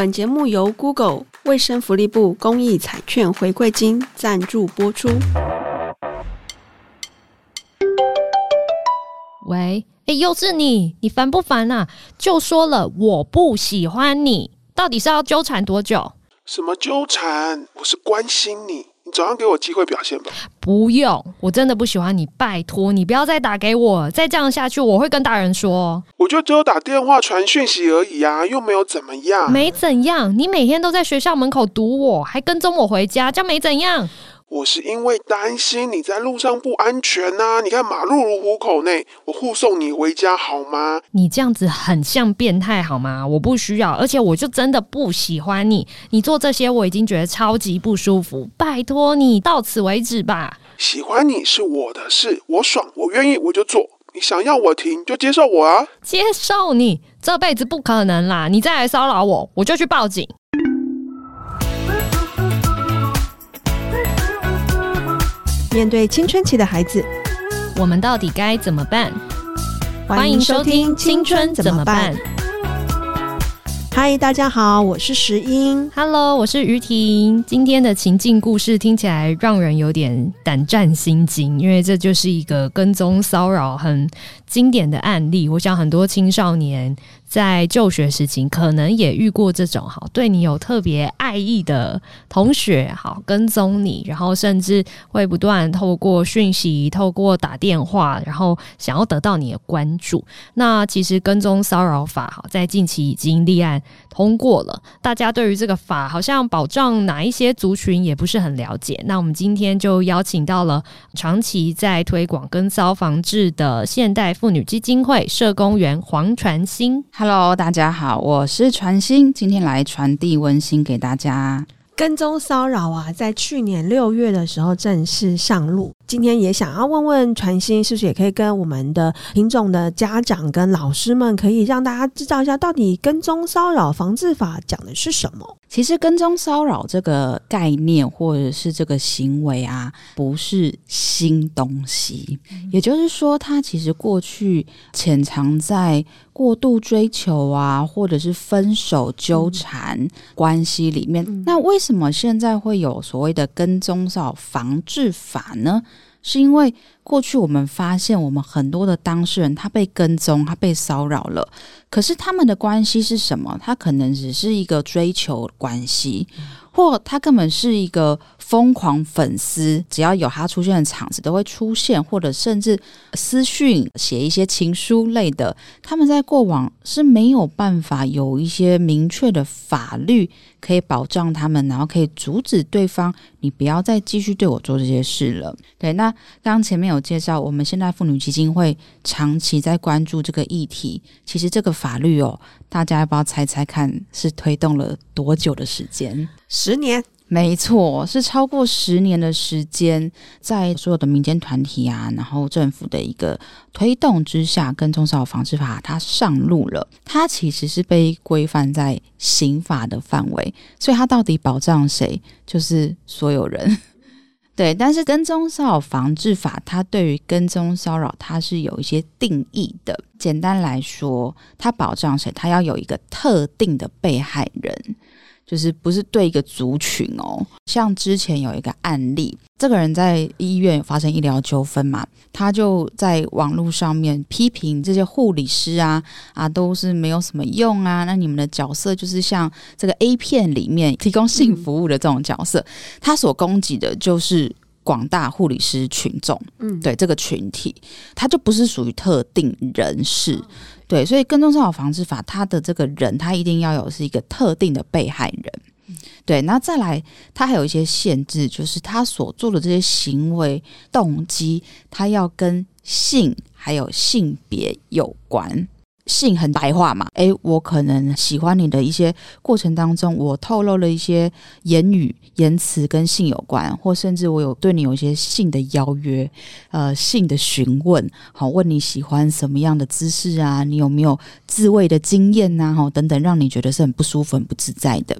本節目由 Google 衛生福利部公益彩券回饋金贊助播出。喂，哎，又是你，你煩不煩啊？就說了我不喜歡你，到底是要糾纏多久？什麼糾纏？我是關心你。總要給我機會表現吧。不用，我真的不喜歡你。拜托，你不要再打給我，再這樣下去，我會跟大人說。我就只有打電話傳訊息而已啊，又沒有怎麼樣啊。沒怎樣，你每天都在學校門口堵我，還跟蹤我回家，這樣沒怎樣。我是因為擔心你在路上不安全吶、啊，你看馬路如虎口內，我護送你回家好嗎？你這樣子很像變態好嗎？我不需要，而且我就真的不喜歡你，你做這些我已經覺得超級不舒服，拜託你到此為止吧。喜歡你是我的事，我爽，我願意，我就做，你想要我停就接受我啊？接受你這輩子不可能啦，你再來騷擾我，我就去報警。面對青春期的孩子，我們到底該怎麼辦？歡迎收聽《青春怎麼辦》。嗨，Hi，大家好，我是石英。Hello，我是於婷。今天的情境故事聽起來讓人有點膽戰心驚，因為這就是一個跟蹤騷擾很經典的案例。我想很多青少年。在就學時期，可能也遇過這種好，對你有特別愛意的同學，好跟蹤你，然後甚至會不斷透過訊息、透過打電話，然後想要得到你的關注。那其實跟蹤騷擾法，好在近期已經立案。通過了，大家對於這個法好像保障哪一些族群也不是很了解。那我們今天就邀請到了長期在推廣跟騷防治的現代婦女基金會社工員黃傳馨。Hello，大家好，我是傳馨，今天來傳遞溫馨給大家。跟蹤騷擾啊，在去年六月的時候正式上路。今天也想要問問傳馨，是不是也可以跟我們的聽眾的家長跟老師們，可以讓大家知道一下，到底跟蹤騷擾防治法講的是什麼？其實跟蹤騷擾這個概念或者是這個行為啊，不是新東西。嗯、也就是說，它其實過去潛藏在過度追求啊，或者是分手糾纏關係裡面。嗯、那為什麼怎麼現在會有所謂的跟蹤騷防治法呢？是因為，過去我們發現，我們很多的當事人，他被跟蹤，他被騷擾了。可是他們的關係是什麼？他可能只是一個追求關係，嗯。或他根本是一個瘋狂粉絲，只要有他出現的場子都會出現，或者甚至私訊寫一些情書類的。他們在過往是沒有辦法有一些明確的法律可以保障他們，然後可以阻止對方，你不要再繼續對我做這些事了。對，那剛前面有。介紹，我們現代婦女基金會長期在關注這個議題。其實這個法律哦，大家要不要猜猜看，是推動了多久的時間？十年，沒錯，是超過十年的時間，在所有的民間團體啊，然後政府的一個推動之下，《跟騷防制法》它上路了。它其實是被規範在刑法的範圍，所以它到底保障誰？就是所有人。對，但是跟蹤騷擾防治法，它對於跟蹤騷擾，它是有一些定義的。簡單來說，它保障誰？它要有一個特定的被害人。就是不是對一個族群哦，像之前有一個案例，這個人在醫院發生醫療糾紛嘛，他就在網絡上面批評這些護理師啊啊，都是沒有什麼用啊。那你們的角色就是像這個 A 片裡面提供性服務的這種角色，他所攻擊的就是廣大護理師群眾，嗯，對這個群體，他就不是屬於特定人士。哦。對，所以跟蹤騷擾防治法，他的這個人，他一定要有是一個特定的被害人。對，那再來，他還有一些限制，就是他所做的這些行為動機，他要跟性還有性別有關。性很白話嘛？誒、欸，我可能喜歡你的一些過程當中，我透露了一些言語、言辭跟性有關，或甚至我有對你有一些性的邀約，呃，性的詢問，好，問你喜歡什麼樣的姿勢啊？你有沒有自慰的經驗吶？好，等等，讓你覺得是很不舒服、很不自在的。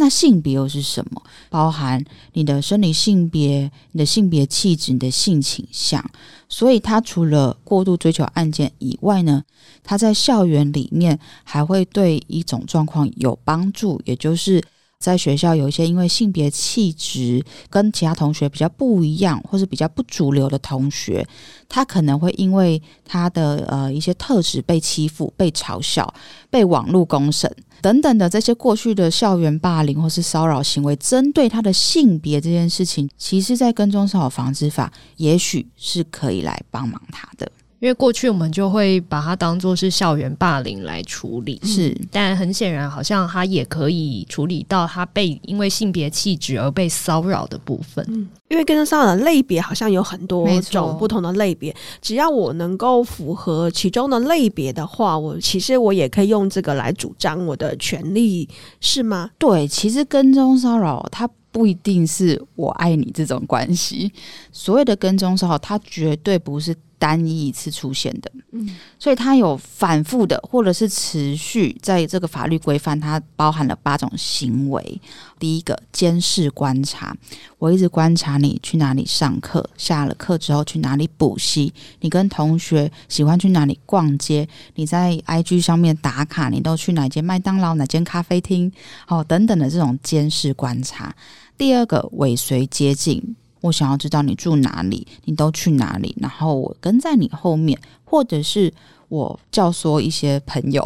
那性別又是什麼？包含你的生理性別、你的性別氣質、你的性傾向。所以，他除了過度追求案件以外呢，他在校園裡面還會對一種狀況有幫助，也就是在學校有一些因為性別氣質跟其他同學比較不一樣，或是比較不主流的同學，他可能會因為他的呃一些特質被欺負、被嘲笑、被網絡公審。等等的這些過去的校園霸凌或是騷擾行為，針對他的性別這件事情，其實，在跟蹤騷擾防治法，也許是可以來幫忙他的。因為過去我們就會把它當做是校園霸凌來處理，是、嗯，但很顯然，好像它也可以處理到他被因為性別氣質而被騷擾的部分。嗯，因為跟蹤騷擾的類別好像有很多種不同的類別，沒錯。只要我能夠符合其中的類別的話，我其實我也可以用這個來主張我的權利，是嗎？對，其實跟蹤騷擾它不一定是我愛你這種關係，所謂的跟蹤騷擾，它絕對不是單一一次出現的，嗯，所以他有反復的，或者是持續在這個法律規範，它包含了八種行為。第一個，監視觀察，我一直觀察你去哪裡上課，下了課之後去哪裡補習，你跟同學喜歡去哪裡逛街，你在 IG 上面打卡，你都去哪間麥當勞，哪間咖啡廳，哦等等的這種監視觀察。第二個，尾隨接近。我想要知道你住哪裡，你都去哪裡，然後我跟在你後面，或者是。我教唆一些朋友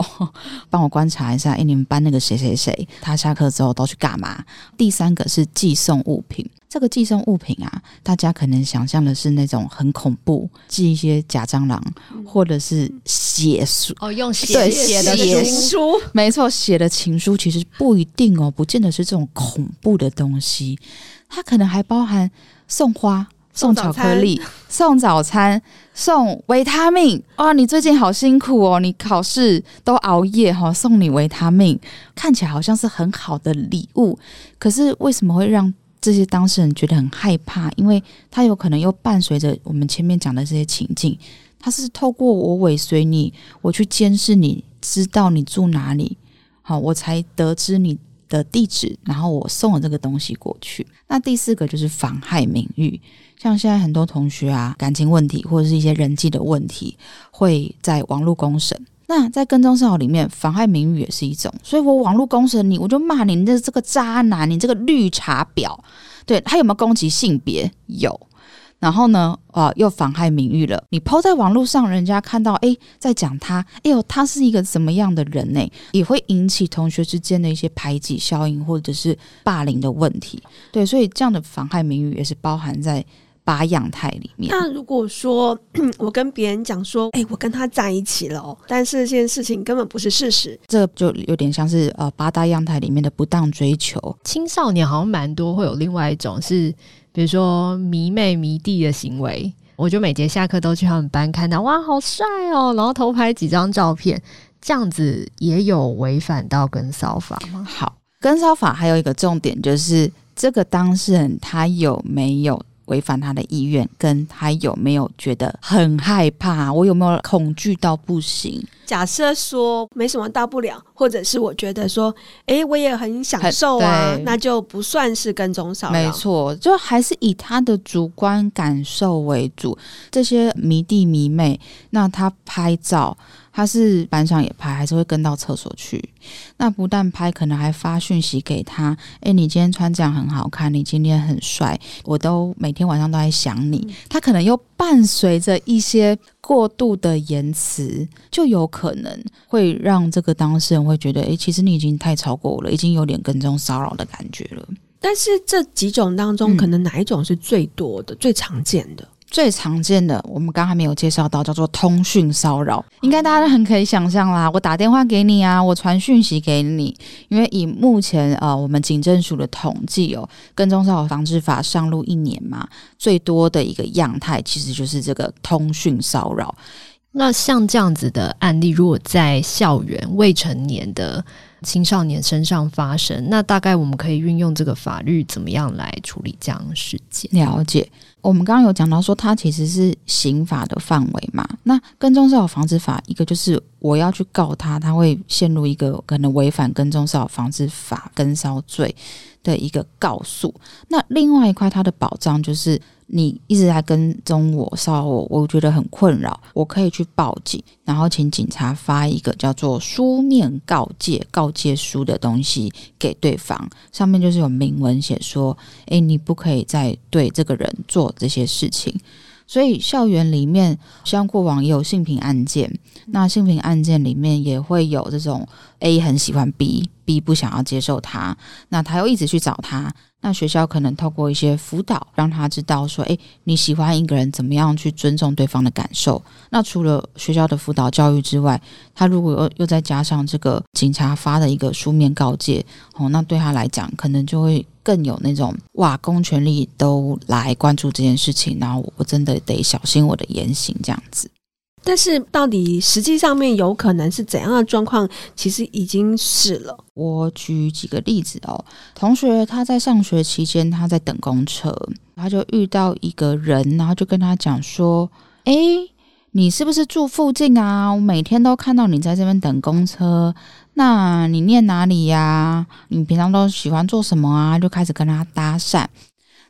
幫我觀察一下，哎、欸，你們班那個誰誰誰，他下課之後都去幹嘛？第三個是寄送物品，這個寄送物品啊，大家可能想象的是那種很恐怖，寄一些假蟑螂，或者是寫書哦，用寫、嗯、對，寫的情書，沒錯，寫的情書其實不一定哦，不見得是這種恐怖的東西，它可能還包含送花。送巧克力，送早，送早餐，送維他命。哦，你最近好辛苦哦，你考試都熬夜哈，送你維他命，看起來好像是很好的禮物，可是為什麼會讓這些當事人覺得很害怕？因為他有可能又伴隨着我們前面講的這些情境，他是透過我尾隨你，我去監視你，知道你住哪裡，好，我才得知你的地址，然後我送了這個東西過去。那第四個就是妨害名譽。像現在很多同學啊，感情問題或者是一些人際的問題，會在網絡公審。那在跟蹤騷擾裡面，妨害名譽也是一種。所以我網絡公審你，我就罵你，你這個渣男，你這個綠茶婊。對他有沒有攻擊性別？有。然後呢，啊，又妨害名譽了。你拋在網絡上，人家看到，哎、欸，在講他，哎、欸、呦，他是一個什麼樣的人呢、欸？也會引起同學之間的一些排擠效應，或者是霸凌的問題。對，所以這樣的妨害名譽也是包含在。八樣態裡面，那、啊、如果說我跟別人講說，哎，我跟他在一起了，但是這件事情根本不是事實，這就有點像是呃八大樣態裡面的不當追求。青少年好像蠻多會有另外一種是，比如說迷妹迷弟的行為，我就每節下課都去他們班看到，哇，好帥哦，然後偷拍幾張照片，這樣子也有違反到跟騷法？好，跟騷法還有一個重點就是，這個當事人他有沒有？違反他的意願，跟他有沒有覺得很害怕？我有沒有恐懼到不行？假設說沒什麼大不了，或者是我覺得說，誒、欸、我也很享受啊，那就不算是跟蹤騷擾。沒錯，就還是以他的主觀感受為主。這些迷弟迷妹，那他拍照。他是班上也拍，還是會跟到廁所去？那不但拍，可能還發訊息給他。哎、欸，你今天穿這樣很好看，你今天很帥，我都每天晚上都在想你。嗯、他可能又伴隨着一些過度的言辭，就有可能會讓這個當事人會覺得，哎、欸，其實你已經太超過我了，已經有點跟蹤騷擾的感覺了。但是這幾種當中，嗯、可能哪一種是最多的、最常見的？最常見的，我們剛還沒有介紹到，叫做通訊騷擾，應該大家都很可以想象啦。我打電話給你啊，我傳訊息給你，因為以目前呃，我們警政署的統計哦，跟蹤騷擾防治法上路一年嘛，最多的一個樣態其實就是這個通訊騷擾。那像這樣子的案例，如果在校園未成年的青少年身上發生，那大概我們可以運用這個法律怎麼樣來處理這樣的事情？了解我們剛剛有講到說，它其實是刑法的範圍嘛。那跟蹤騷擾防治法，一個就是我要去告他，他會陷入一個可能違反跟蹤騷擾防治法跟騷罪的一個告訴。那另外一塊，它的保障就是。你一直在跟蹤我、騷擾我，我覺得很困擾。我可以去報警，然後請警察發一個叫做書面告誡、告誡書的東西給對方，上面就是有明文寫說：哎，你不可以再對這個人做這些事情。所以校園裡面，像過往也有性平案件，那性平案件裡面也會有這種 A 很喜歡 B，B 不想要接受他，那他又一直去找他。那學校可能透過一些輔導，讓他知道說，誒，你喜歡一個人，怎麼樣去尊重對方的感受？那除了學校的輔導教育之外，他如果又又再加上這個警察發的一個書面告誡，哦，那對他來講，可能就會更有那種哇，公權力都來關注這件事情，然後我真的得小心我的言行這樣子。但是，到底實際上面有可能是怎樣的狀況？其實已經是了。我舉幾個例子哦，同學他在上學期間，他在等公車，他就遇到一個人，然後就跟他講說：“哎，你是不是住附近啊？我每天都看到你在這邊等公車。那你念哪裡呀？你平常都喜歡做什麼啊？”就開始跟他搭訕。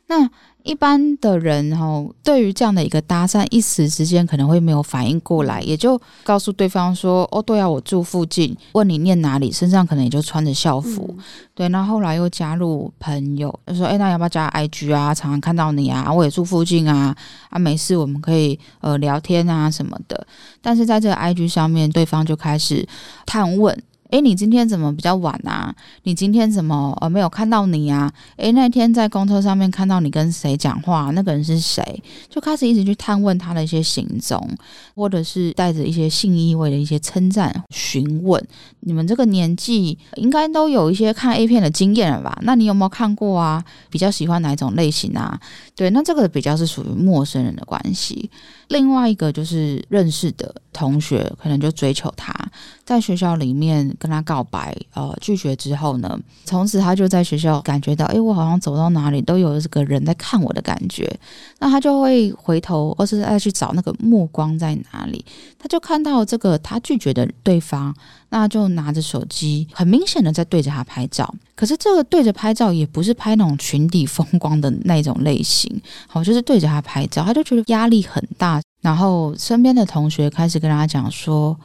那一般的人哈，對於這樣的一個搭訕，一時之間可能會沒有反應過來，也就告訴對方說：“哦，對啊，我住附近，問你念哪裡，身上可能也就穿着校服。嗯”對，然後後來又加入朋友，說：“誒，那要不要加 IG 啊？常常看到你啊，我也住附近啊，啊，沒事，我們可以呃聊天啊什麼的。”但是在這個 IG 上面，對方就開始探問。誒，你今天怎麼比較晚啊？你今天怎麼呃、哦、沒有看到你啊？誒，那天在公車上面看到你跟誰講話？那個人是誰？就開始一直去探問他的一些行蹤，或者是帶着一些性意味的一些稱讚詢問。你們這個年紀應該都有一些看 A 片的經驗了吧？那你有沒有看過啊？比較喜歡哪一種類型啊？對，那這個比較是屬於陌生人的關係。另外一個就是認識的同學，可能就追求他。在學校裡面跟他告白，呃，拒絕之後呢，從此他就在學校感覺到，誒,我好像走到哪裡都有這個人在看我的感覺。那他就會回頭，或是再去找那個目光在哪裡。他就看到這個他拒絕的對方，那就拿着手機，很明顯的在對着他拍照。可是這個對着拍照也不是拍那種裙底風光的那種類型，好、哦，就是對着他拍照，他就覺得壓力很大。然後身邊的同學開始跟他講說。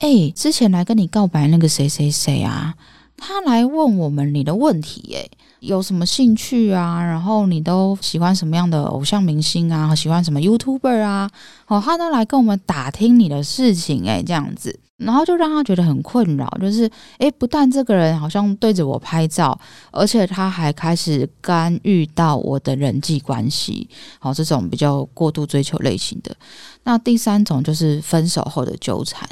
哎、欸，之前來跟你告白的那個誰誰誰啊，他來問我們你的問題、欸，哎，有什麼興趣啊？然後你都喜歡什麼樣的偶像明星啊？喜歡什麼 YouTuber 啊？哦，他都來跟我們打聽你的事情、欸，哎，這樣子，然後就讓他覺得很困擾，就是，哎、欸，不但這個人好像對着我拍照，而且他還開始干預到我的人際關係，好、哦，這種比較過度追求類型的。那第三種就是分手後的糾纏。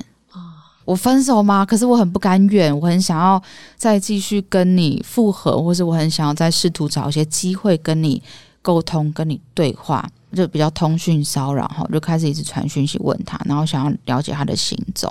我分手嗎？可是我很不甘願，我很想要再繼續跟你復合，或是我很想要再試圖找一些機會跟你溝通、跟你對話，就比較通訊騷擾哈，然後就開始一直傳訊息問他，然後想要了解他的行蹤。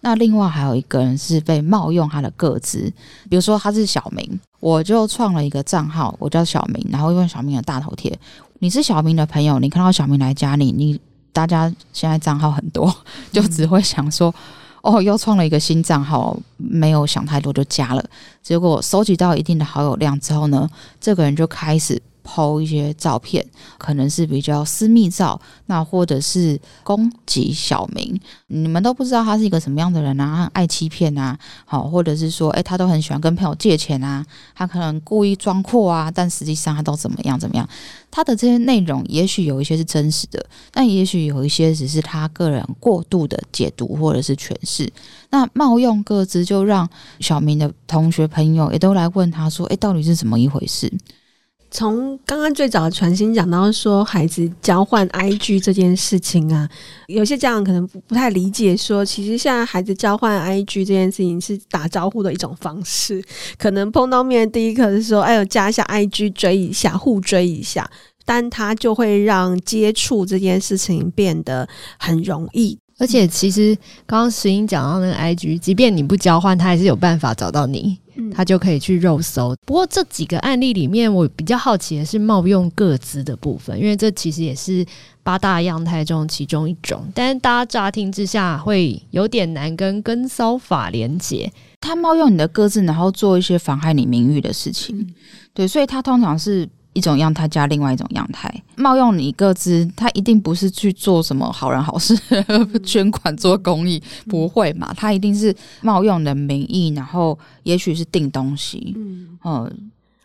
那另外還有一個人是被冒用他的個資，比如說他是小明，我就創了一個賬號，我叫小明，然後用小明的大頭貼。你是小明的朋友，你看到小明來加你，你大家現在賬號很多，就只會想說。嗯哦，又創了一個新賬號，沒有想太多就加了。結果蒐集到一定的好友量之後呢，這個人就開始。偷一些照片，可能是比較私密照，那或者是攻擊小明，你們都不知道他是一個什麼樣的人啊，愛欺騙啊，好，或者是說，誒、欸，他都很喜歡跟朋友借錢啊，他可能故意裝闊啊，但實際上他都怎麼樣怎麼樣，他的這些內容，也許有一些是真實的，但也許有一些只是他個人過度的解讀或者是詮釋。那冒用個資就讓小明的同學朋友也都來問他說，誒、欸，到底是怎麼一回事？從剛剛最早的傳馨講到說，孩子交換 IG 這件事情啊，有些家長可能不太理解說，說其實現在孩子交換 IG 這件事情是打招呼的一種方式，可能碰到面的第一刻是說，哎呦加一下 IG 追一下，互追一下，但他就會讓接觸這件事情變得很容易。而且其實剛剛石英講到那個 IG，即便你不交換，他還是有辦法找到你，他就可以去肉搜。不過這幾個案例裡面，我比較好奇的是冒用個資的部分，因為這其實也是八大樣態中其中一種，但是大家乍聽之下會有點難跟跟騷法連接。他冒用你的個資，然後做一些妨害你名譽的事情，嗯、對，所以他通常是。一種樣，他加另外一種樣態，冒用你個資，他一定不是去做什麼好人好事、呵呵捐款、做公益，嗯、不會嘛？他一定是冒用你的名義，然後也許是訂東西，嗯，嗯哦，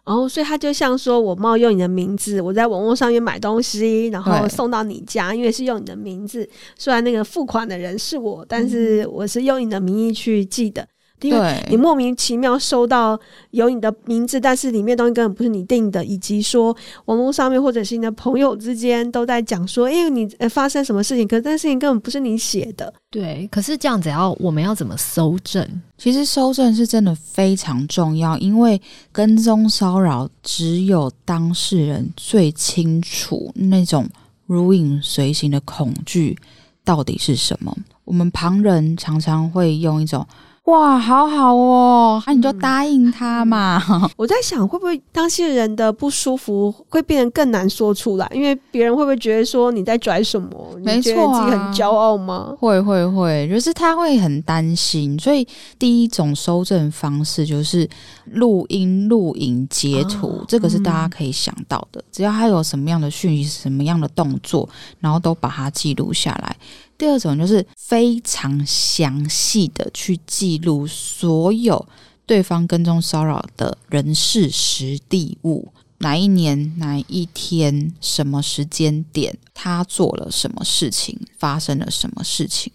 然後、哦、所以他就像說我冒用你的名字，我在網絡上面買東西，然後送到你家，對因為是用你的名字，雖然那個付款的人是我，但是我是用你的名義去寄的。嗯因為你莫名其妙收到有你的名字，對但是裡面東西根本不是你定的，以及說網絡上面或者是你的朋友之間都在講說因為、欸、你、欸、發生什麼事情，可是這件事情根本不是你寫的。對，可是這樣子要我們要怎麼搜證？其實搜證是真的非常重要，因為跟蹤騷擾只有當事人最清楚那種如影隨形的恐懼到底是什麼。我們旁人常常會用一種。哇，好好哦，那你就答應他嘛。嗯、我在想，會不會當事人的不舒服會變得更難說出來？因為別人會不會覺得說你在拽什麼？沒錯、啊、自己很驕傲嗎？會會會，就是他會很擔心。所以第一種蒐證方式就是錄音、錄影、截圖，哦、這個是大家可以想到的。嗯、只要他有什麼樣的訊息、什麼樣的動作，然後都把它記錄下來。第二種就是非常詳細的去記錄所有對方跟蹤騷擾的人、事、時、地、物，哪一年、哪一天、什麼時間點，他做了什麼事情，發生了什麼事情，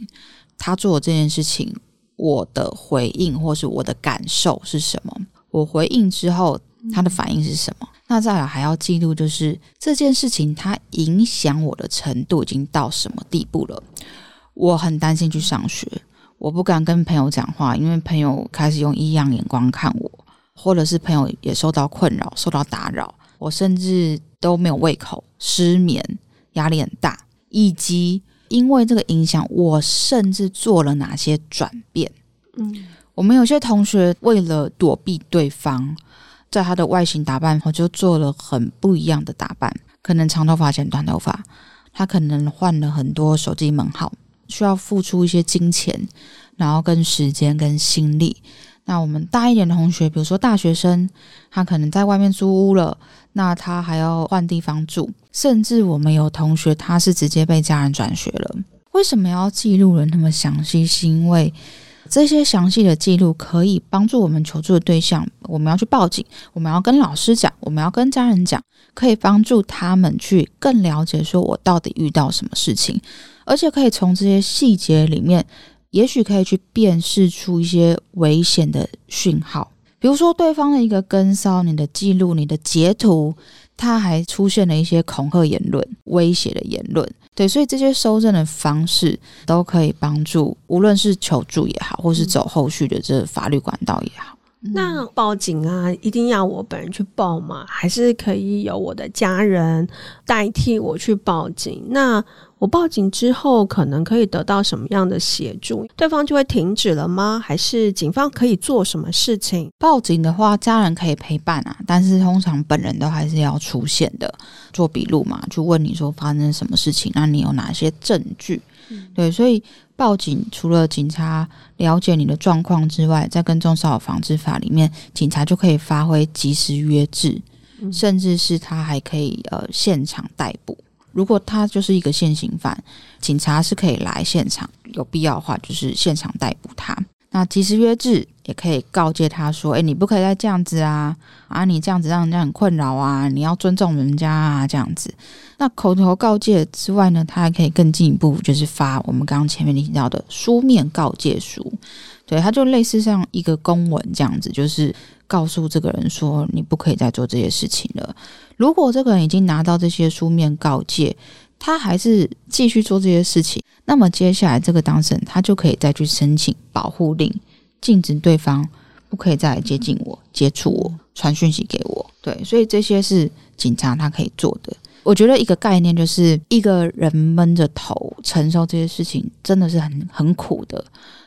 他做這件事情，我的回應或是我的感受是什麼，我回應之後。他的反應是什麼？那再來還要記錄，就是這件事情它影響我的程度已經到什麼地步了？我很擔心去上學，我不敢跟朋友講話，因為朋友開始用異樣眼光看我，或者是朋友也受到困擾、受到打擾。我甚至都沒有胃口、失眠、壓力很大，以及因為這個影響，我甚至做了哪些轉變？嗯，我們有些同學為了躲避對方。在他的外形打扮後，我就做了很不一樣的打扮，可能長頭髮剪短頭髮，他可能換了很多手機門號，需要付出一些金錢，然後跟時間跟心力。那我們大一點的同學，比如說大學生，他可能在外面租屋了，那他還要換地方住，甚至我們有同學他是直接被家人轉學了。為什麼要記錄人那麼詳細？是因為這些詳細的記錄可以幫助我們求助的對象，我們要去報警，我們要跟老師講，我們要跟家人講，可以幫助他們去更了解說我到底遇到什麼事情，而且可以從這些細節裡面，也許可以去辨識出一些危險的訊號，比如說對方的一個跟騷，你的記錄、你的截圖，他還出現了一些恐嚇言論、威脅的言論。對，所以這些蒐證的方式都可以幫助，無論是求助也好，或是走後續的這個法律管道也好。嗯、那報警啊，一定要我本人去報嗎？還是可以由我的家人代替我去報警？那我報警之後，可能可以得到什麼樣的協助？對方就會停止了嗎？還是警方可以做什麼事情？報警的話，家人可以陪伴啊，但是通常本人都還是要出現的，做筆錄嘛，就問你說發生什麼事情，那你有哪些證據？嗯、對，所以報警除了警察了解你的狀況之外，在《跟蹤騷擾防治法》裡面，警察就可以發揮即時約制，嗯、甚至是他還可以呃現場逮捕。如果他就是一個現行犯，警察是可以來現場，有必要的話就是現場逮捕他。那即時約制也可以告誡他說：“哎，你不可以再這樣子啊！啊，你這樣子讓人家很困擾啊！你要尊重人家啊，這樣子。”那口頭告誡之外呢，他還可以更進一步，就是發我們剛剛前面提到的書面告誡書。對，他就類似像一個公文這樣子，就是。告訴這個人說，你不可以再做這些事情了。如果這個人已經拿到這些書面告誡，他還是繼續做這些事情，那麼接下來這個當事人他就可以再去申請保護令，禁止對方不可以再來接近我、接觸我、傳訊息給我。對，所以這些是警察他可以做的。我覺得一個概念就是一個人悶着頭承受這些事情真的是很很苦的。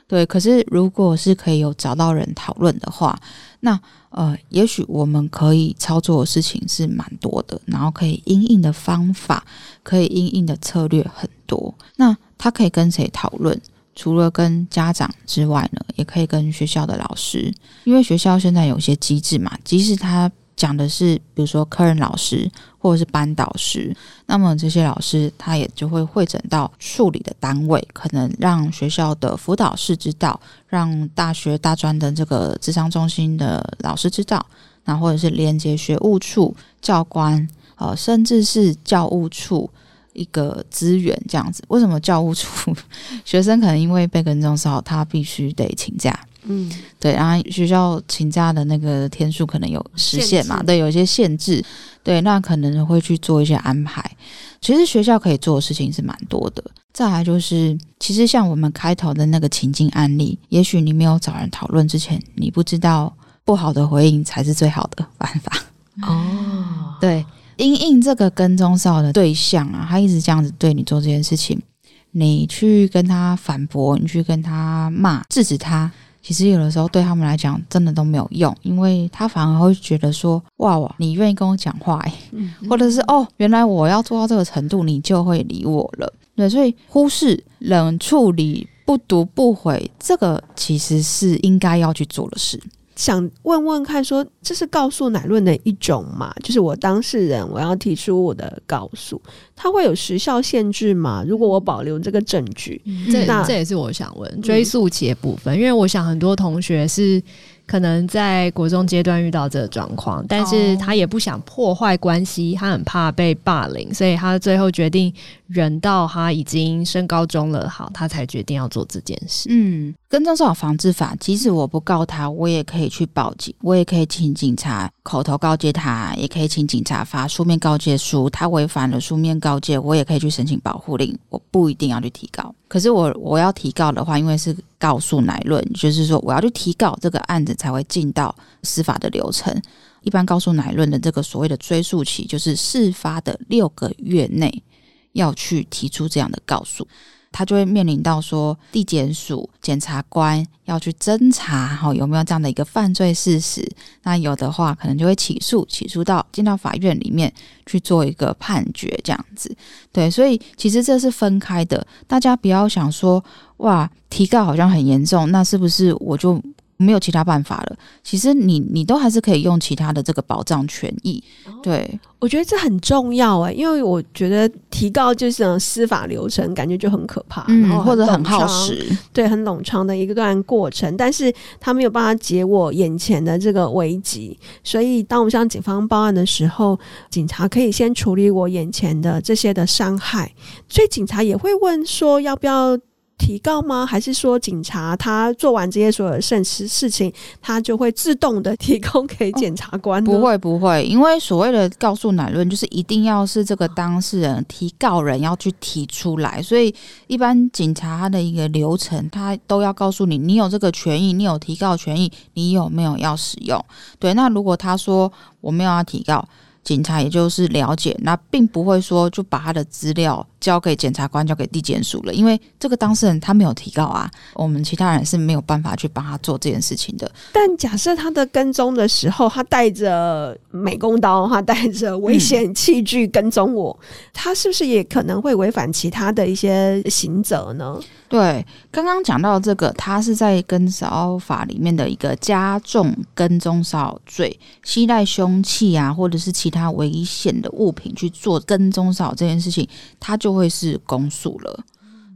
對，可是如果是可以有找到人討論的話。那呃，也許我們可以操作的事情是蠻多的，然後可以應用的方法、可以應用的策略很多。那他可以跟誰討論？除了跟家長之外呢，也可以跟學校的老師，因為學校現在有些機制嘛，即使他。講的是，比如說科任老師或者是班導師，那麼這些老師他也就會會診到處理的單位，可能讓學校的輔導室知道，讓大學大專的這個諮商中心的老師知道，那或者是連接學務處教官，呃，甚至是教務處一個資源這樣子。為什麼教務處學生可能因為被跟蹤騷擾，他必須得請假？嗯，對，然後，啊，學校請假的那個天數可能有時限嘛？限制。對，有一些限制。對，那可能會去做一些安排。其實學校可以做的事情是蠻多的。再來就是，其實像我們開頭的那個情境案例，也許你沒有找人討論之前，你不知道不好的回應才是最好的辦法。哦，對，因應這個跟蹤騷擾的對象啊，他一直這樣子對你做這件事情，你去跟他反駁，你去跟他罵，制止他。其實有的時候對他們來講，真的都沒有用，因為他反而會覺得說：“哇，哇，你願意跟我講話欸，或者是，哦，原來我要做到這個程度，你就會理我了。”對，所以忽視、冷處理、不讀不回，這個其實是應該要去做的事。想問問看說，說這是告訴乃論的一種嘛？就是我當事人，我要提出我的告訴，他會有時效限制嗎？如果我保留這個證據，嗯、那、嗯、這也是我想問追訴期的部分，因為我想很多同學是可能在國中階段遇到這個狀況，但是他也不想破壞關係，他很怕被霸凌，所以他最後決定。忍到他已經升高中了，好，他才決定要做這件事。嗯，跟騷這種防治法，即使我不告他，我也可以去報警，我也可以請警察口頭告誡他，也可以請警察發書面告誡書。他違反了書面告誡，我也可以去申請保護令。我不一定要去提告，可是我我要提告的話，因為是告訴乃論，就是說我要去提告這個案子才會進到司法的流程。一般告訴乃論的這個所謂的追訴期，就是事發的六個月內。要去提出這樣的告訴，他就會面臨到說地檢署檢察官要去偵查，好、喔、有沒有這樣的一個犯罪事實？那有的話，可能就會起訴，起訴到進到法院裡面去做一個判決，這樣子。對，所以其實這是分開的，大家不要想說哇，提告好像很嚴重，那是不是我就？沒有其他辦法了。其實你你都還是可以用其他的這個保障權益。對，哦、我覺得這很重要哎、欸，因為我覺得提告就是司法流程，感覺就很可怕，嗯、然後或者很耗時，對，很冗長的一段過程。但是他沒有辦法解我眼前的這個危機，所以當我們向警方報案的時候，警察可以先處理我眼前的這些的傷害。所以警察也會問說要不要。提告嗎？還是說警察他做完這些所有事事事情，他就會自動的提供給檢察官？哦，不會，不會，因為所謂的告訴乃論，就是一定要是這個當事人提告人要去提出來。所以一般警察他的一個流程，他都要告訴你，你有這個權益，你有提告權益，你有沒有要使用？對，那如果他說我沒有要提告，警察也就是了解，那並不會說就把他的資料。交給檢察官，交給地檢署了，因為這個當事人他沒有提告啊，我們其他人是沒有辦法去幫他做這件事情的。但假設他的跟蹤的時候，他帶着美工刀，他帶着危險器具跟蹤我，嗯、他是不是也可能會違反其他的一些刑責呢？對，剛剛講到這個，他是在跟騷法裡面的一個加重跟蹤騷罪，攜帶兇器啊，或者是其他危險的物品去做跟蹤騷這件事情，他就。都會是公訴了，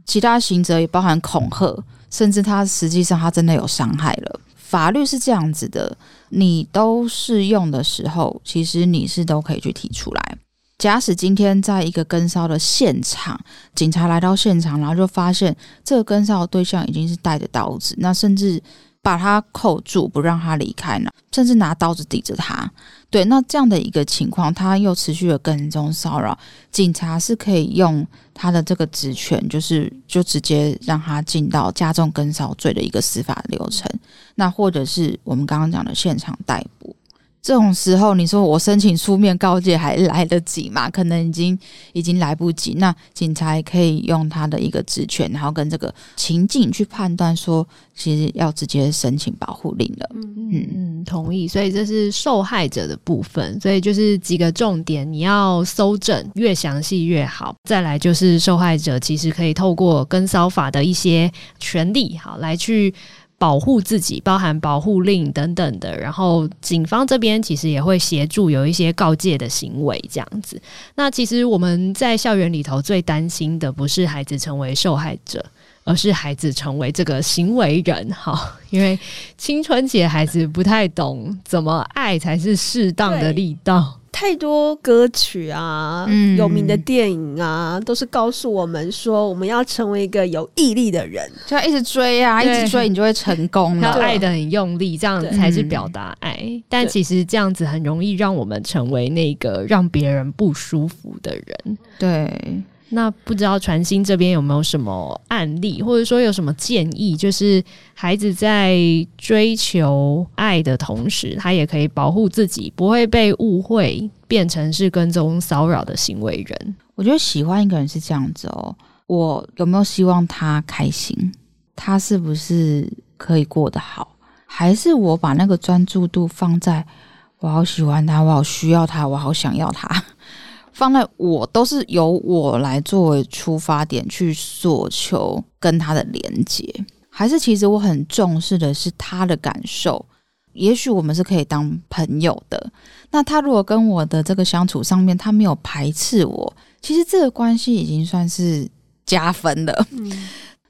其他刑責，也包含恐嚇，甚至他實際上他真的有傷害了。法律是這樣子的，你都適用的時候，其實你是都可以去提出來。假使今天在一個跟騷的現場，警察來到現場，然後就發現這個跟騷的對象已經是帶着刀子，那甚至把他扣住不讓他離開呢，甚至拿刀子抵着他。對，那這樣的一個情況，他又持續的跟蹤騷擾，警察是可以用他的這個職權，就是就直接讓他進到加重跟騷罪的一個司法流程，那或者是我們剛剛講的現場逮捕。這種時候，你說我申請書面告誡還來得及嗎？可能已經已經來不及。那警察可以用他的一個職權，然後跟這個情境去判斷，說其實要直接申請保護令了。嗯嗯嗯，同意。所以這是受害者的部分。所以就是幾個重點，你要搜證越詳細越好。再來就是受害者其實可以透過跟騷法的一些權利，好來去。保護自己，包含保護令等等的，然後警方這邊其實也會協助有一些告誡的行為，這樣子。那其實我們在校園裡頭最擔心的不是孩子成為受害者，而是孩子成為這個行為人，哈，因為青春期的孩子不太懂怎麼愛才是適當的力道。太多歌曲啊，嗯、有名的電影啊，都是告訴我們說，我們要成為一個有毅力的人，就要一直追啊，對一直追，你就會成功了。要愛得很用力，這樣子才是表達愛。對嗯、但其實這樣子很容易讓我們成為那個讓別人不舒服的人。對。對那不知道傳馨這邊有沒有什麼案例，或者說有什麼建議？就是孩子在追求愛的同時，他也可以保護自己，不會被誤會變成是跟蹤騷擾的行為人。我覺得喜歡一個人是這樣子哦，我有沒有希望他開心？他是不是可以過得好？還是我把那個專注度放在我好喜歡他，我好需要他，我好想要他？放在我都是由我來作為出發點去索求跟他的連接，還是其實我很重視的是他的感受。也許我們是可以當朋友的。那他如果跟我的這個相處上面，他沒有排斥我，其實這個關係已經算是加分了。嗯、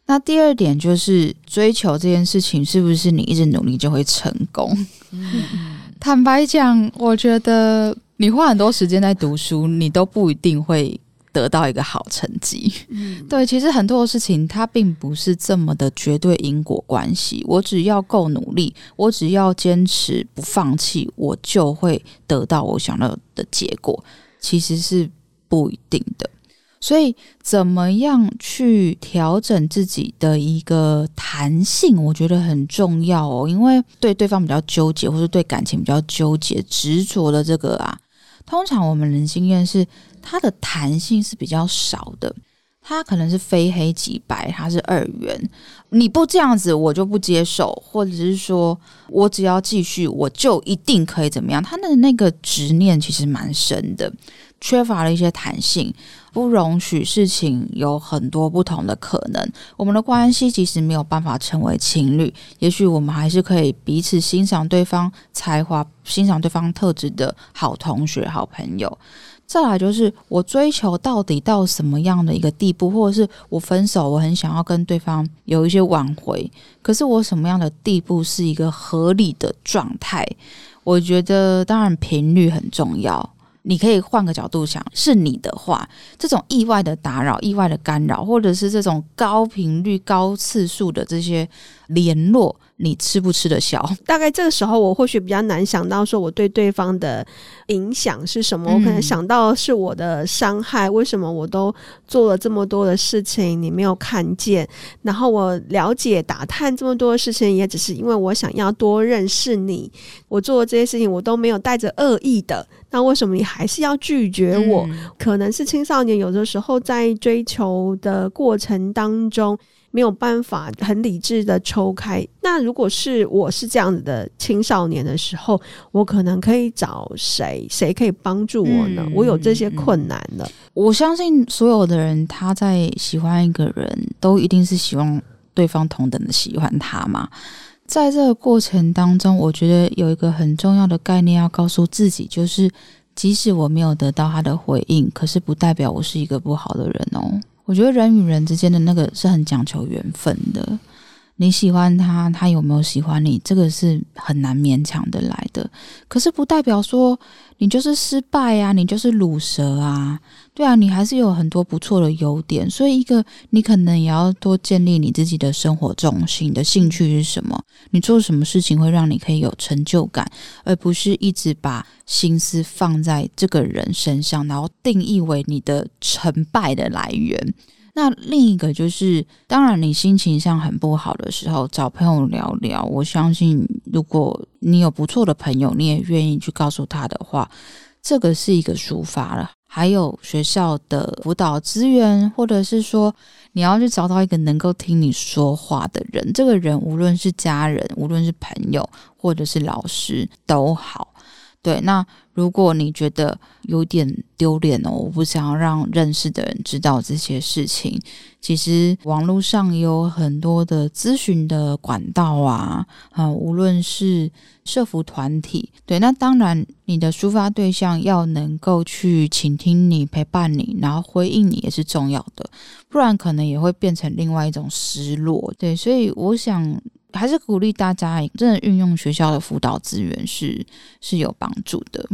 那第二點就是追求這件事情，是不是你一直努力就會成功？嗯嗯，坦白講，我覺得。你花很多時間在讀書，你都不一定會得到一個好成績。嗯，對，其實很多的事情它並不是這麼的絕對因果關係。我只要夠努力，我只要堅持不放棄，我就會得到我想要的結果，其實是不一定的。所以，怎麼樣去調整自己的一個彈性，我覺得很重要哦。因為對對方比較糾結，或者對感情比較糾結、執着的這個啊。通常我們人心願是，它的彈性是比較少的。他可能是非黑即白，他是二元。你不這樣子，我就不接受；或者是說我只要繼續，我就一定可以怎麼樣。他的那個執念其實蠻深的，缺乏了一些彈性，不容許事情有很多不同的可能。我們的關係其實沒有辦法成為情侶，也許我們還是可以彼此欣賞對方才華、欣賞對方特質的好同學、好朋友。再來就是我追求到底到什麼樣的一個地步，或者是我分手，我很想要跟對方有一些挽回，可是我什麼樣的地步是一個合理的狀態？我覺得當然頻率很重要。你可以換個角度想，是你的話，這種意外的打擾、意外的干擾，或者是這種高頻率、高次數的這些聯絡，你吃不吃得消？大概這個時候，我或許比較難想到說我對對方的影響是什麼。我可能想到是我的傷害。嗯。為什麼我都做了這麼多的事情，你沒有看見？然後我了解、打探這麼多的事情，也只是因為我想要多認識你。我做的這些事情，我都沒有帶着惡意的。那為什麼你還是要拒絕我？嗯，可能是青少年有的時候在追求的過程當中沒有辦法很理智的抽開。那如果是我是這樣子的青少年的時候，我可能可以找誰？誰可以幫助我呢？嗯，我有這些困難的。我相信所有的人他在喜歡一個人，都一定是希望對方同等的喜歡他嘛。在這個過程當中，我覺得有一個很重要的概念要告訴自己，就是即使我沒有得到他的回應，可是不代表我是一個不好的人哦。我覺得人與人之間的那個是很講求緣分的。你喜歡他，他有沒有喜歡你？這個是很難勉強的來的。可是不代表說你就是失敗啊，你就是魯蛇啊，對啊，你還是有很多不錯的優點。所以，一個你可能也要多建立你自己的生活重心，你的興趣是什麼？你做什麼事情會讓你可以有成就感，而不是一直把心思放在這個人身上，然後定義為你的成敗的來源。那另一個就是，當然你心情上很不好的時候，找朋友聊聊。我相信，如果你有不錯的朋友，你也願意去告訴他的話，這個是一個抒發了。還有學校的輔導資源，或者是說你要去找到一個能夠聽你說話的人，這個人無論是家人，無論是朋友，或者是老師都好。對，那如果你覺得有點丟臉哦，我不想要讓認識的人知道這些事情。其實網絡上有很多的諮詢的管道啊，啊、嗯，無論是社福團體，對，那當然你的抒發對象要能夠去傾聽你、陪伴你，然後回應你也是重要的，不然可能也會變成另外一種失落。對，所以我想。還是鼓勵大家真的運用學校的輔導資源是，是是有幫助的。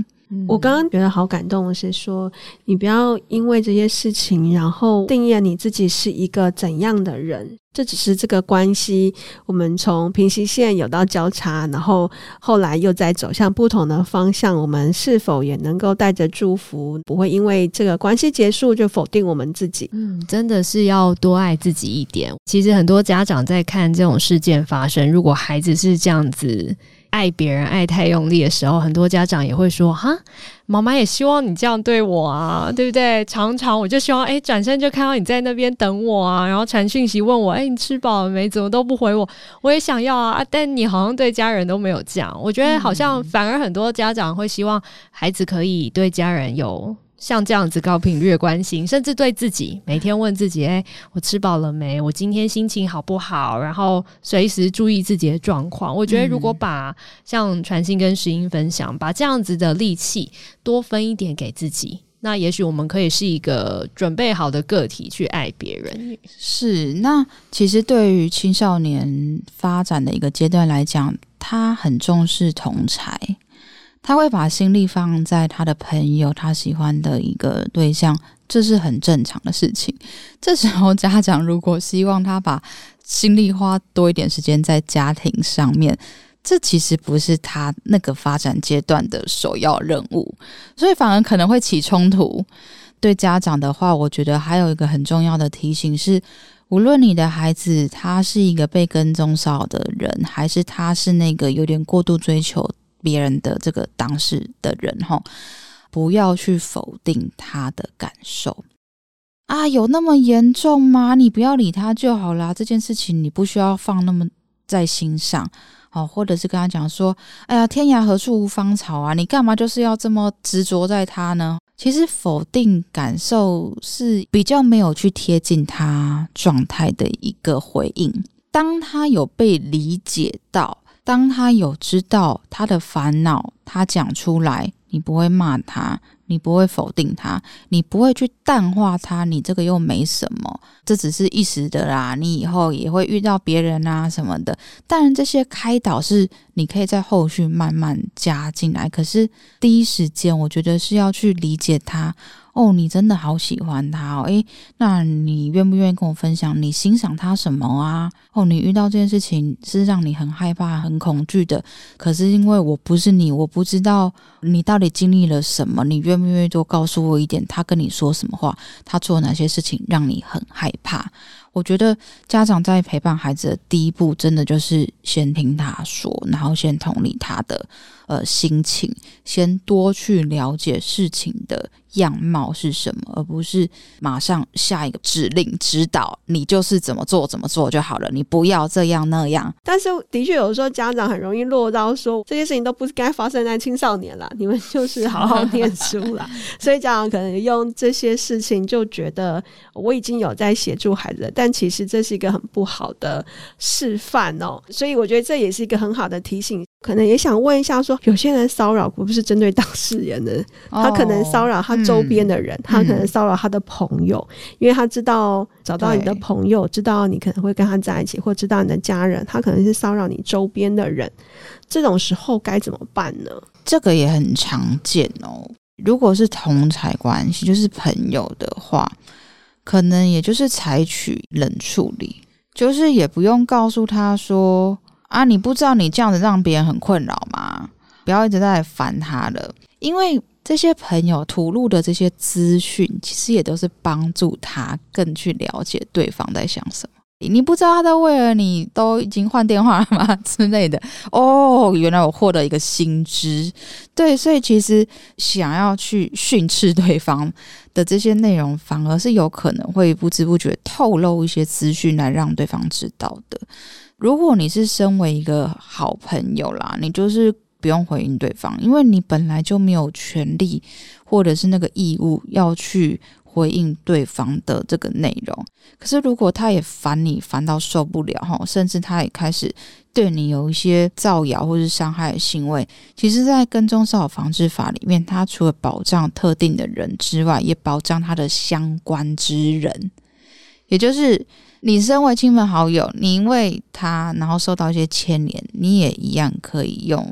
我剛剛覺得好感動，是說你不要因為這些事情，然後定義你自己是一個怎樣的人。這只是這個關係，我們從平行線有到交叉，然後後來又在走向不同的方向。我們是否也能夠帶着祝福，不會因為這個關係結束就否定我們自己？嗯，真的是要多愛自己一點。其實很多家長在看這種事件發生，如果孩子是這樣子。愛別人愛太用力的時候，很多家長也會說：“哈，媽媽也希望你這樣對我啊，對不對？”常常我就希望，誒，轉身就看到你在那邊等我啊，然後傳訊息問我：“哎，你吃飽了沒？怎麼都不回我？”我也想要啊，啊，但你好像對家人都沒有這樣。我覺得好像反而很多家長會希望孩子可以對家人有。像這樣子高頻率關心，甚至對自己每天問自己：“哎、欸，我吃飽了沒？我今天心情好不好？”然後隨時注意自己的狀況。我覺得，如果把、嗯、像傳馨跟石英分享，把這樣子的力氣多分一點給自己，那也許我們可以是一個準備好的個體去愛別人。是。那其實對於青少年發展的一個階段來講，他很重視同儕。他會把心力放在他的朋友、他喜歡的一個對象，這是很正常的事情。這時候，家長如果希望他把心力花多一點時間在家庭上面，這其實不是他那個發展階段的首要任務，所以反而可能會起衝突。對家長的話，我覺得還有一個很重要的提醒是：無論你的孩子他是一個被跟騷的人，還是他是那個有點過度追求。別人的這個當事的人哈，不要去否定他的感受啊，有那麼嚴重嗎？你不要理他就好啦啊。這件事情你不需要放那麼在心上哦。或者是跟他講說，哎呀，天涯何處無芳草啊，你幹嘛就是要這麼執着在他呢？其實否定感受是比較沒有去貼近他狀態的一個回應。當他有被理解到。當他有知道他的煩惱，他講出來，你不會罵他，你不會否定他，你不會去淡化他，你這個又沒什麼，這只是一時的啦。你以後也會遇到別人啊什麼的，當然這些開導是你可以在後續慢慢加進來。可是第一時間，我覺得是要去理解他。哦，你真的好喜歡他哦，誒，那你願不願意跟我分享你欣賞他什麼啊？哦，你遇到這件事情是讓你很害怕、很恐懼的。可是因為我不是你，我不知道你到底經歷了什麼。你願不願意多告訴我一點？他跟你說什麼話？他做的哪些事情讓你很害怕？我覺得家長在陪伴孩子的第一步，真的就是先聽他說，然後先同理他的，呃，心情先多去了解事情的樣貌是什麼，而不是馬上下一個指令指導你就是怎麼做怎麼做就好了。你不要這樣那樣。但是的確，有時候家長很容易落到說這些事情都不該發生在青少年了，你們就是好好念書了。 所以家長可能用這些事情就覺得我已經有在協助孩子了，但其實這是一個很不好的示範哦。所以我覺得這也是一個很好的提醒，可能也想問一下說。有些人騷擾不是針對當事人的，哦、他可能騷擾他周邊的人，嗯、他可能騷擾他的朋友，嗯、因為他知道找到你的朋友，對知道你可能會跟他在一起，或知道你的家人，他可能是騷擾你周邊的人。這種時候該怎麼辦呢？這個也很常見哦。如果是同儕關係，就是朋友的話，可能也就是採取冷處理，就是也不用告訴他說啊，你不知道你這樣子讓別人很困擾嗎？不要一直在煩他了，因為這些朋友吐露的這些資訊，其實也都是幫助他更去了解對方在想什麼。你不知道他在為了你都已經換電話了嗎之類的？哦，原來我獲得一個新知。對，所以其實想要去訓斥對方的這些內容，反而是有可能會不知不覺透露一些資訊來讓對方知道的。如果你是身為一個好朋友啦，你就是。不用回應對方，因為你本來就沒有權利，或者是那個義務要去回應對方的這個內容。可是，如果他也煩你煩到受不了，甚至他也開始對你有一些造謠或是傷害的行為，其實，在《跟蹤騷擾防治法》裡面，它除了保障特定的人之外，也保障他的相關之人，也就是你身為親朋好友，你因為他然後受到一些牽連，你也一樣可以用。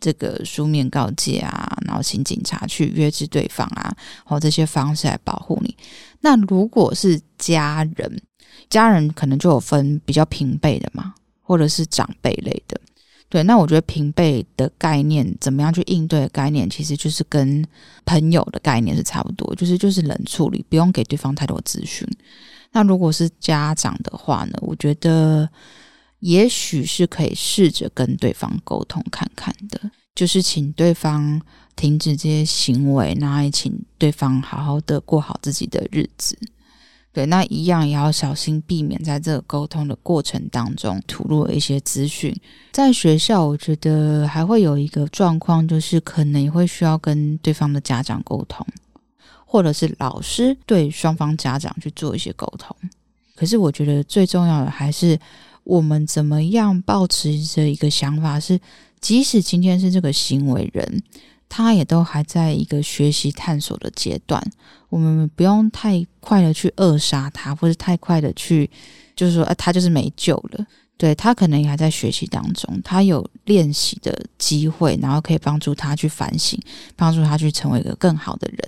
這個書面告誡啊，然後請警察去約制對方啊，或這些方式來保護你。那如果是家人，家人可能就有分比較平輩的嘛，或者是長輩類的。對，那我覺得平輩的概念怎麼樣去應對？概念其實就是跟朋友的概念是差不多，就是就是冷處理，不用給對方太多資訊。那如果是家長的話呢？我覺得。也許是可以試着跟對方溝通看看的，就是請對方停止這些行為，然後也請對方好好的過好自己的日子。對，那一樣也要小心避免在這個溝通的過程當中吐露一些資訊。在學校，我覺得還會有一個狀況，就是可能也會需要跟對方的家長溝通，或者是老師對雙方家長去做一些溝通。可是，我覺得最重要的還是。我們怎麼樣抱持着一個想法是，即使今天是這個行為人，他也都還在一個學習探索的階段。我們不用太快的去扼殺他，或者太快的去，就是說，啊他就是沒救了。對，他可能也還在學習當中，他有練習的機會，然後可以幫助他去反省，幫助他去成為一個更好的人。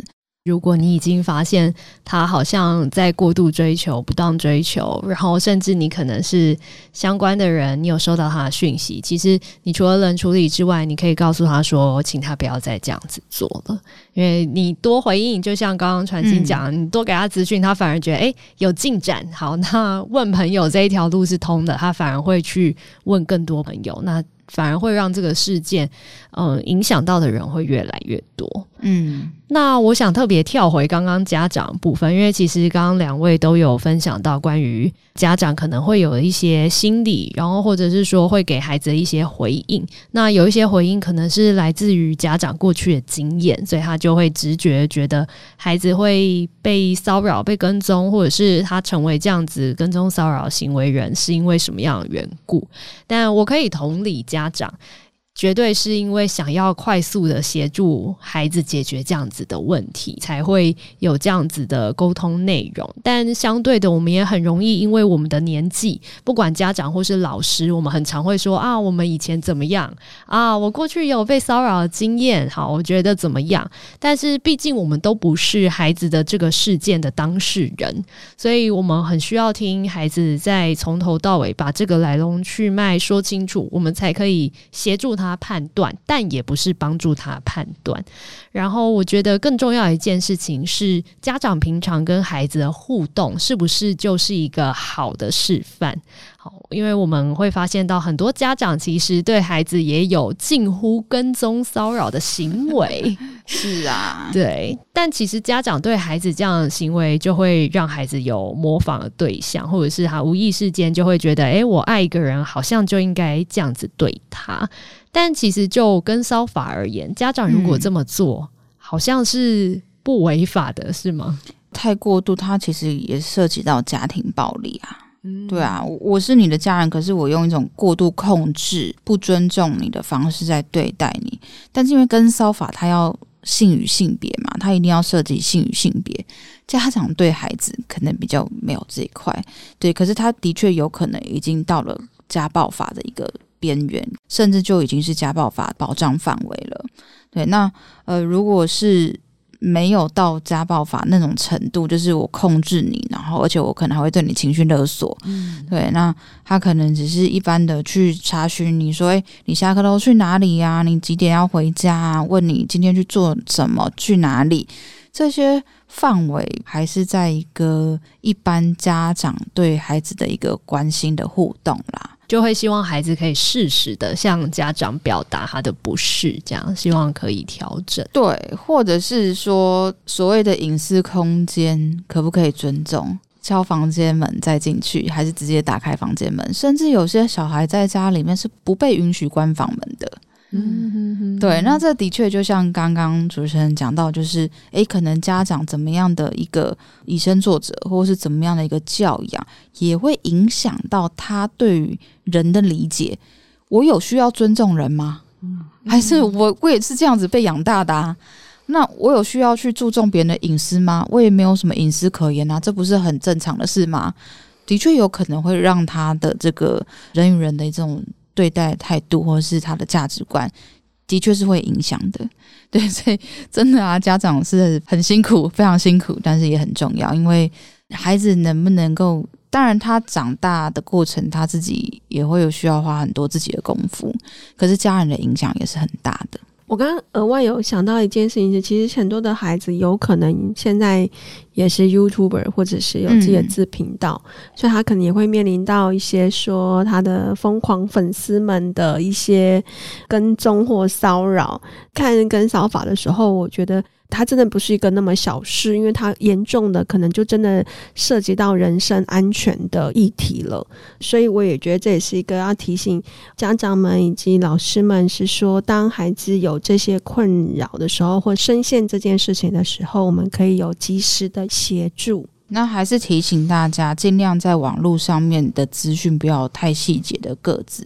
如果你已經發現他好像在過度追求、不當追求，然後甚至你可能是相關的人，你有收到他的訊息，其實你除了冷處理之外，你可以告訴他說，請他不要再這樣子做了。因為你多回應，就像剛剛傳馨講，嗯、你多給他資訊，他反而覺得誒、欸、有進展。好，那問朋友這一條路是通的，他反而會去問更多朋友，那反而會讓這個事件，嗯、呃，影響到的人會越來越多。嗯，那我想特別跳回剛剛家長部分，因為其實剛剛兩位都有分享到關於家長可能會有一些心理，然後或者是說會給孩子一些回應。那有一些回應可能是來自於家長過去的經驗，所以他就會直覺覺得孩子會被騷擾、被跟蹤，或者是他成為這樣子跟蹤騷擾行為人是因為什麼樣的緣故？但我可以同理家長。絕對是因為想要快速的協助孩子解決這樣子的問題，才會有這樣子的溝通內容。但相對的，我們也很容易因為我們的年紀，不管家長或是老師，我們很常會說啊，我們以前怎麼樣啊，我過去有被騷擾的經驗，好，我覺得怎麼樣。但是畢竟我們都不是孩子的這個事件的當事人，所以我們很需要聽孩子再從頭到尾把這個來龍去脈說清楚，我們才可以協助他。他判斷，但也不是幫助他判斷。然後，我覺得更重要一件事情是，家長平常跟孩子的互動是不是就是一個好的示範。好，因為我們會發現到很多家長其實對孩子也有近乎跟蹤騷擾的行為。 是啊，對。但其實家長對孩子這樣的行為，就會讓孩子有模仿的對象，或者是他無意識間就會覺得，哎、欸，我愛一個人，好像就應該這樣子對他。但其實就跟騷法而言，家長如果這麼做，嗯、好像是不違法的，是嗎？太過度，他其實也涉及到家庭暴力啊。對啊，我是你的家人，可是我用一種過度控制、不尊重你的方式在對待你。但是因為跟騷法，他要性與性別嘛，他一定要涉及性與性別。家長對孩子可能比較沒有這一塊，對，可是他的確有可能已經到了家暴法的一個邊緣，甚至就已經是家暴法保障範圍了。對，那呃，如果是。沒有到家暴法那種程度，就是我控制你，然後而且，我可能還會對你情緒勒索。嗯，對，那他可能只是一般的去查詢，你說，誒，你下課都去哪裡呀？啊？你幾點要回家？啊？問你今天去做什麼？去哪裡？這些範圍還是在一個一般家長對孩子的一個關心的互動啦。就會希望孩子可以適時的向家長表達他的不適，這樣希望可以調整。對，或者是說所謂的隱私空間可不可以尊重？敲房間門再進去，還是直接打開房間門？甚至有些小孩在家裡面是不被允許關房門的。嗯，對，那這的確就像剛剛主持人講到，就是誒、欸，可能家長怎麼樣的一個以身作則，或是怎麼樣的一個教養，也會影響到他對於人的理解。我有需要尊重人嗎？還是我我也是這樣子被養大的、啊？那我有需要去注重別人的隱私嗎？我也沒有什麼隱私可言啊，這不是很正常的事嗎？的確有可能會讓他的這個人與人的這種。對待態度或是他的價值觀，的確是會影響的。對，所以真的啊，家長是很辛苦，非常辛苦，但是也很重要，因為孩子能不能夠，當然他長大的過程，他自己也會有需要花很多自己的功夫，可是家人的影響也是很大的。我剛剛額外有想到一件事情是，是其實很多的孩子有可能現在也是 YouTuber，或者是有自己的自頻道，嗯。所以他可能也會面臨到一些說他的瘋狂粉絲們的一些跟蹤或騷擾。看《跟騷法》的時候，我覺得。它真的不是一個那麼小事，因為它嚴重的可能就真的涉及到人身安全的議題了。所以我也覺得這也是一個要提醒家長們以及老師們，是說當孩子有這些困擾的時候，或深陷這件事情的時候，我們可以有及時的協助。那還是提醒大家，盡量在網絡上面的資訊不要太細節的個資。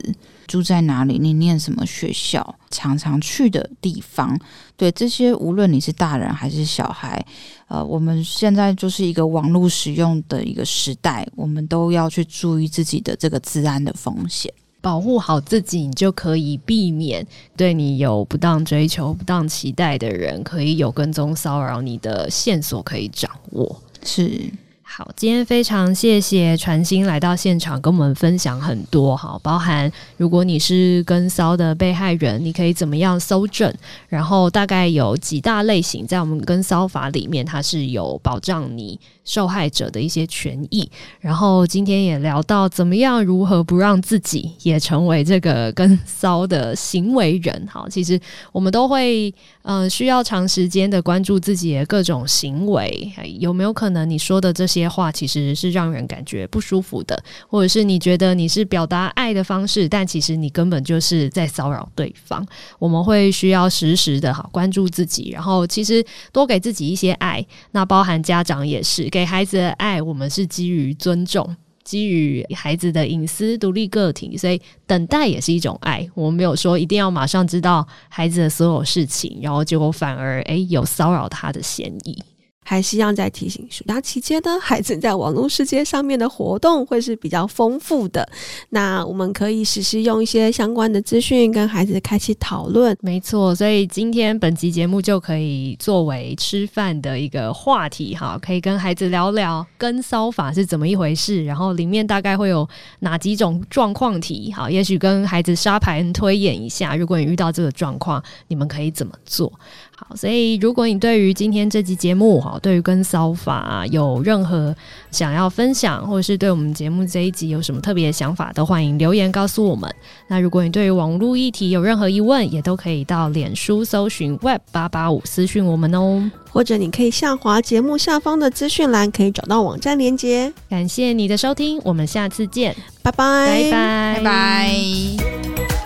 住在哪裡？你念什麼學校？常常去的地方，對這些，無論你是大人還是小孩，呃，我們現在就是一個網絡使用的一個時代，我們都要去注意自己的這個治安的風險，保護好自己，你就可以避免對你有不當追求、不當期待的人可以有跟蹤騷擾你的線索可以掌握，是。好，今天非常謝謝傳馨來到現場，跟我們分享很多哈，包含如果你是跟騷的被害人，你可以怎麼樣搜證，然後大概有幾大類型。在我們跟騷法裡面，它是有保障你受害者的一些權益，然後今天也聊到怎麼樣如何不讓自己也成為這個跟騷的行為人，好，其實我們都會。嗯、呃，需要長時間的關注自己的各種行為，有沒有可能你說的這些話其實是讓人感覺不舒服的，或者是你覺得你是表達愛的方式，但其實你根本就是在騷擾對方。我們會需要時時的哈關注自己，然後其實多給自己一些愛。那包含家長也是給孩子的愛，我們是基於尊重。基於孩子的隱私、獨立個體，所以等待也是一種愛。我們沒有說一定要馬上知道孩子的所有事情，然後結果反而誒、欸，有騷擾他的嫌疑。還是一樣在提醒，暑假期間呢，孩子在網絡世界上面的活動會是比較豐富的。那我們可以實時用一些相關的資訊跟孩子開啟討論。沒錯，所以今天本集節目就可以作為吃飯的一個話題，哈，可以跟孩子聊聊跟騷法是怎麼一回事，然後裡面大概會有哪幾種狀況題，哈。也許跟孩子沙盤推演一下，如果你遇到這個狀況，你們可以怎麼做？好，所以如果你對於今天這集節目，好，對於跟騷法、啊、有任何想要分享，或者是對我們節目這一集有什麼特別的想法，都歡迎留言告訴我們。那如果你對於網絡議題有任何疑問，也都可以到臉書搜尋 Web 八八五私訊我們哦，或者你可以下滑節目下方的資訊欄，可以找到網站連結。感謝你的收聽，我們下次見，拜拜拜拜。